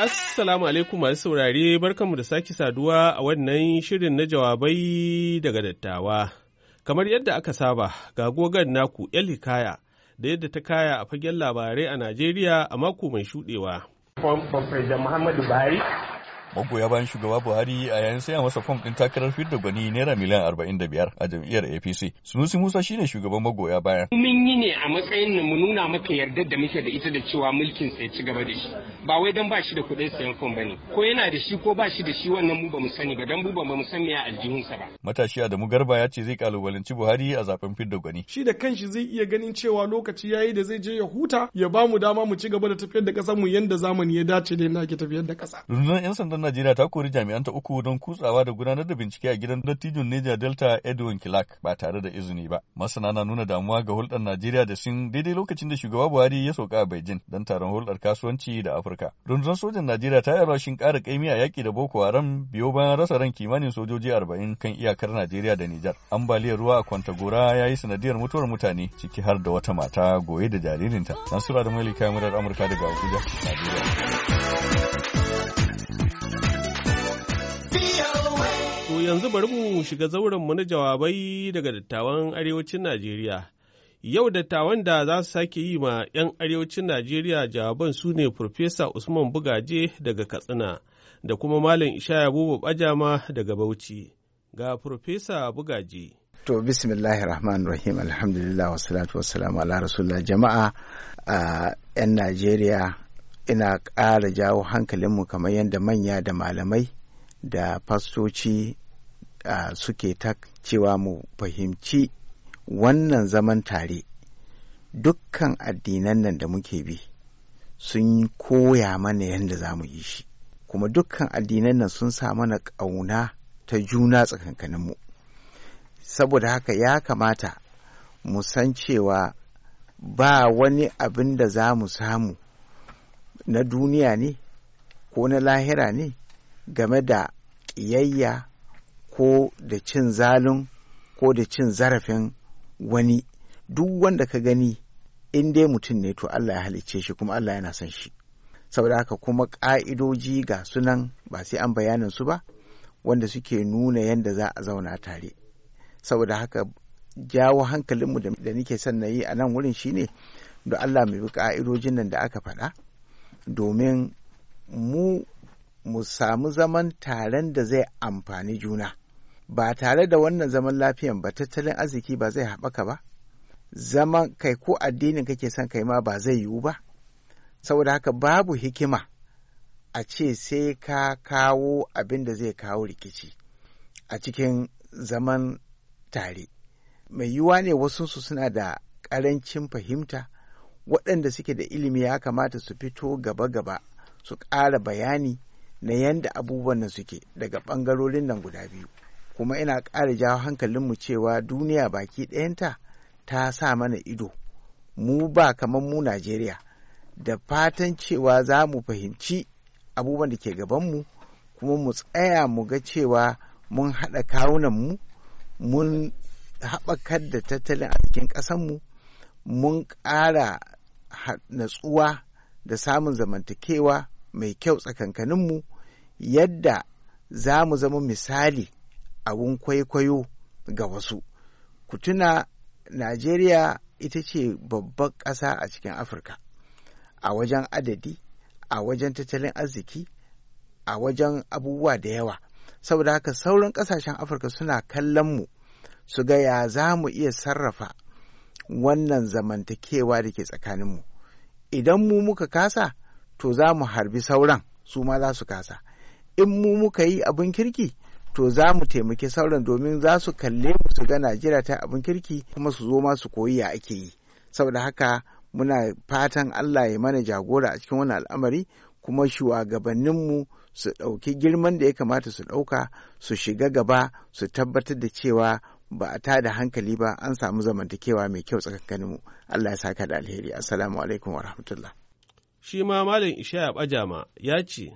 Assalamu alaikum masu saurare barkanmu da sake saduwa a wannan shirin na jawabai daga dattawa. Kamar yadda aka saba, ga gogan naku Hikaya da yadda ta kaya a fagen labarai a Najeriya a mako mai shudewa. Muhammadu Buhari magoya bayan shugaba buhari a yayin saya masa fom din takarar fidda gwani naira miliyan arba'in da biyar a jam'iyyar apc sunusi musa shine shugaban magoya bayan mun yi ne a matsayin mu nuna maka yarda da muke da ita da cewa mulkin ya ci gaba da shi ba wai dan ba shi da kuɗin sayan fom ba ne, ko yana da shi ko ba shi da shi wannan mu bamu sani ba dan mu bamu san aljihun aljihunsa ba matashi Adamu Garba ya ce zai kalubalanci Buhari a zaben fidda gwani shi da kanshi zai iya ganin cewa lokaci yayi da zai je ya huta ya ba mu dama mu ci gaba da tafiyar da kasar mu yanda zamani ya dace da yanda ake tafiyar da kasa rundunar yan sandan ƙasar Najeriya ta kori jami'an ta uku don kutsawa da gudanar da bincike a gidan dattijun Niger Delta Edwin Kilak ba tare da izini ba. Masana na nuna damuwa ga hulɗar Najeriya da Sin daidai lokacin da shugaba Buhari ya sauka a Beijing don taron hulɗar kasuwanci da Afirka. Rundunar sojan Najeriya ta yi rashin ƙara ƙaimi a yaƙi da Boko Haram biyo bayan rasa ran kimanin sojoji arba'in kan iyakar Najeriya da Nijar. Ambaliyar ruwa a Kwantagora ya yi sanadiyar mutuwar mutane ciki har da wata mata goye da jaririnta. Nasura da Malika Murar Amurka daga Abuja, Najeriya. yanzu bari mu shiga zaurenmu na jawabai daga dattawan arewacin Najeriya. Yau dattawan da za su sake yi ma 'yan arewacin Najeriya jawaban su ne profesa Usman Bugaje daga Katsina da kuma Malam Ishaya Bubu Bajama daga Bauchi. Ga profesa Bugaje. To bismillahir rahmanir rahim alhamdulillah wassalatu wassalamu ala Rasulullah jama'a a 'yan Najeriya ina ƙara jawo hankalinmu kamar yadda manya da malamai da fastoci uh, suke ta cewa mu fahimci wannan zaman tare dukkan addinan nan da muke bi sun koya mana yadda za mu yi shi kuma dukkan addinan nan sun sa mana ƙauna ta juna tsakankaninmu saboda haka ya kamata mu san cewa ba wani abin da za mu samu na duniya ne ko na lahira ne game da ƙiyayya ko da cin zalun ko da cin zarafin wani duk wanda ka gani in dai mutum ne to Allah ya halicce shi kuma Allah yana son shi saboda haka kuma ƙa'idoji ga sunan ba sai an bayanin su ba wanda suke nuna yadda za a zauna tare saboda haka jawo hankalinmu da nake son na yi a nan wurin shine da Allah mai bi ƙa'idojin nan da aka faɗa domin mu mu samu zaman taren da zai amfani juna ba tare da wannan zaman lafiyan ba tattalin arziki ba zai haɓaka ba zaman kai ko addinin kake son kai ma ba zai yiwu ba saboda haka babu hikima a ce sai ka kawo abin da zai kawo rikici a cikin zaman tare mai yiwuwa ne wasu su suna da ƙarancin fahimta waɗanda suke da ilimi ya kamata su fito gaba-gaba su ƙara bayani na yadda abubuwan nan suke daga ɓangarorin nan guda biyu kuma ina ƙara jawo hankalinmu cewa duniya baki ɗayanta ta sa mana ido mu ba kamar mu najeriya da fatan cewa za mu fahimci abubuwan da ke gabanmu kuma mu tsaya mu ga cewa mun haɗa kawunanmu mun haɓakar da tattalin arzikin ƙasanmu mun ƙara natsuwa da samun zamantakewa mai kyau tsakankaninmu yadda za mu zama misali abun kwaikwayo ga wasu ku tuna najeriya ita ce babban ƙasa a cikin afirka a wajen adadi a wajen tattalin arziki a wajen abubuwa da yawa saboda haka sauran ƙasashen afirka suna kallon mu su ga ya za mu iya sarrafa wannan zamantakewa da ke tsakaninmu idan mu muka kasa to za mu harbi sauran su ma za su kasa in mu muka yi abin kirki to za mu taimaki sauran domin za su kalle mu su ga najeriya ta abin kirki kuma su zo ma su koyi ya ake yi saboda haka muna fatan allah ya mana jagora a cikin wani al'amari kuma shugabanninmu su ɗauki girman da ya kamata su ɗauka su shiga gaba su tabbatar da cewa ba a tada hankali ba an samu zamantakewa mai kyau tsakankaninmu allah ya saka da alheri assalamu alaikum wa rahmatullah shi ma malam ishaya bajama ya ce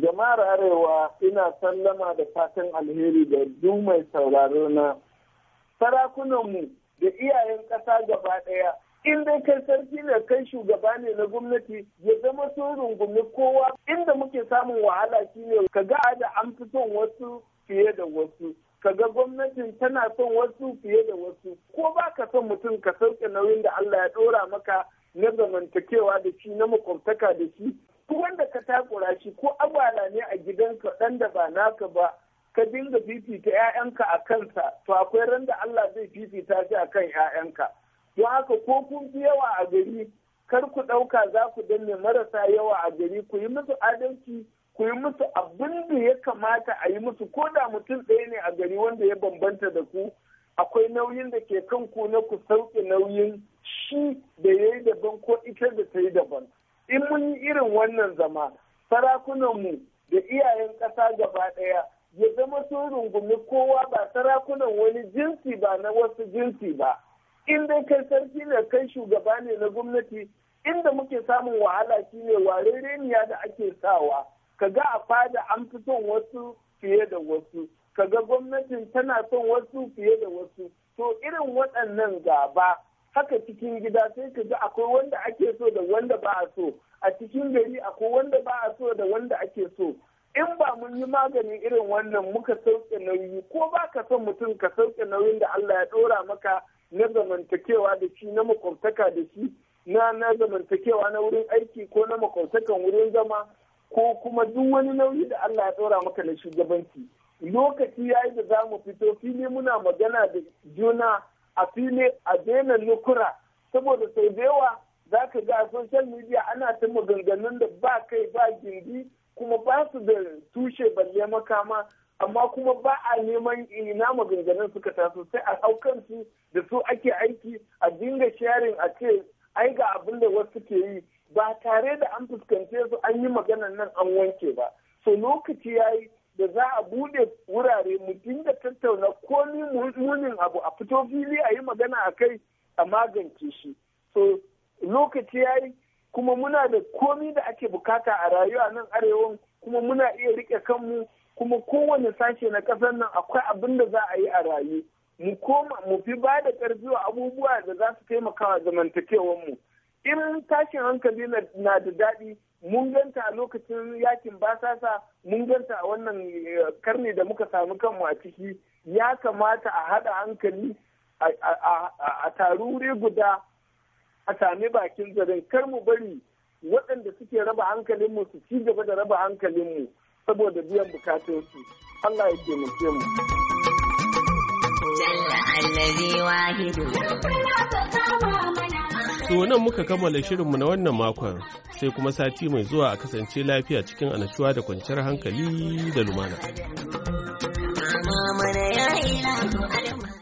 jama'ar arewa ina sallama da fatan alheri da duk mai sauraro na sarakunanmu da iyayen ƙasa gaba ɗaya in dai kai sarki ne kai shugaba ne na gwamnati ya zama sun rungumi kowa inda muke samun wahala shine ka ga da an fi son wasu fiye da wasu Ka ga gwamnatin tana son wasu fiye da wasu ko ba ka son mutum ka sauke nauyin da Allah ya ɗora maka na zamantakewa da shi na makwabtaka da shi wanda takura shi ko abala ne a gidanka ɗan da ba naka ba ka dinga fifita 'ya'yanka a kansa to akwai ran da Allah zai fifita shi a kan 'ya'yanka don haka ko kun fi yawa a gari kar ku ɗauka za ku danne marasa yawa a gari ku yi musu adalci ku yi musu abin da ya kamata a yi musu ko da mutum ɗaya ne a gari wanda ya bambanta da ku akwai nauyin da ke kan ku na ku sauke nauyin shi da ya yi daban ko ita da ta yi daban in mun yi irin wannan zama sarakunanmu da iyayen ƙasa gaba ɗaya ya zama sun rungumi kowa ba sarakunan wani jinsi ba na wasu jinsi ba in dai kai sarki ne kai shugaba ne na gwamnati inda muke samun wahala shine warereniya da ake sawa kaga a fada an fi son wasu fiye da wasu kaga gwamnatin tana son wasu fiye da wasu to irin waɗannan gaba haka cikin gida sai ka ga akwai wanda ake so da wanda ba a so a cikin gari akwai wanda ba a so da wanda ake so in ba mun yi maganin irin wannan muka sauke nauyi ko ba ka son mutum ka sauke nauyin da Allah ya ɗora maka na zamantakewa da shi na makwabtaka da shi na na zamantakewa na wurin aiki ko na makwabtakan wurin zama ko kuma duk wani nauyi da Allah ya ɗora maka na shugabanci lokaci ya yi da za mu fito fili muna magana da juna a fili a daina lukura saboda sau da yawa za ka ga a social media ana ta maganganun da ba kai ba gindi kuma ba su da tushe balle makama amma kuma ba a neman ina maganganun suka taso sai a haukan su da su ake aiki a dinga sharing a ce ai ga abin da wasu ke yi ba tare da an fuskance su an yi maganan nan an wanke ba so lokaci ya yi da za a bude wurare mu dinga tattauna komi munin abu a fito fili a yi magana a kai a magance shi so lokaci ya yi kuma muna da komi da ake bukata a rayuwa nan arewa kuma muna iya rike kanmu kuma kowane sashe na ƙasar nan akwai abin da za a yi a rayu mu koma mu fi ba da ƙarfi wa abubuwa da za su taimaka wa zamantakewanmu in tashin hankali na da daɗi mun ganta a lokacin yakin basasa mun ganta a wannan eh, karni da muka samu kanmu a ciki ya kamata a haɗa hankali a taru guda a sami bakin zarin kar mu bari waɗanda suke raba hankalinmu su ci gaba da raba hankalinmu saboda biyan bukatunsu Allah ya taimake mu. To nan muka kammala shirinmu na wannan makon sai kuma sati mai zuwa a kasance lafiya cikin annashuwa da kwanciyar hankali da lumana. Ya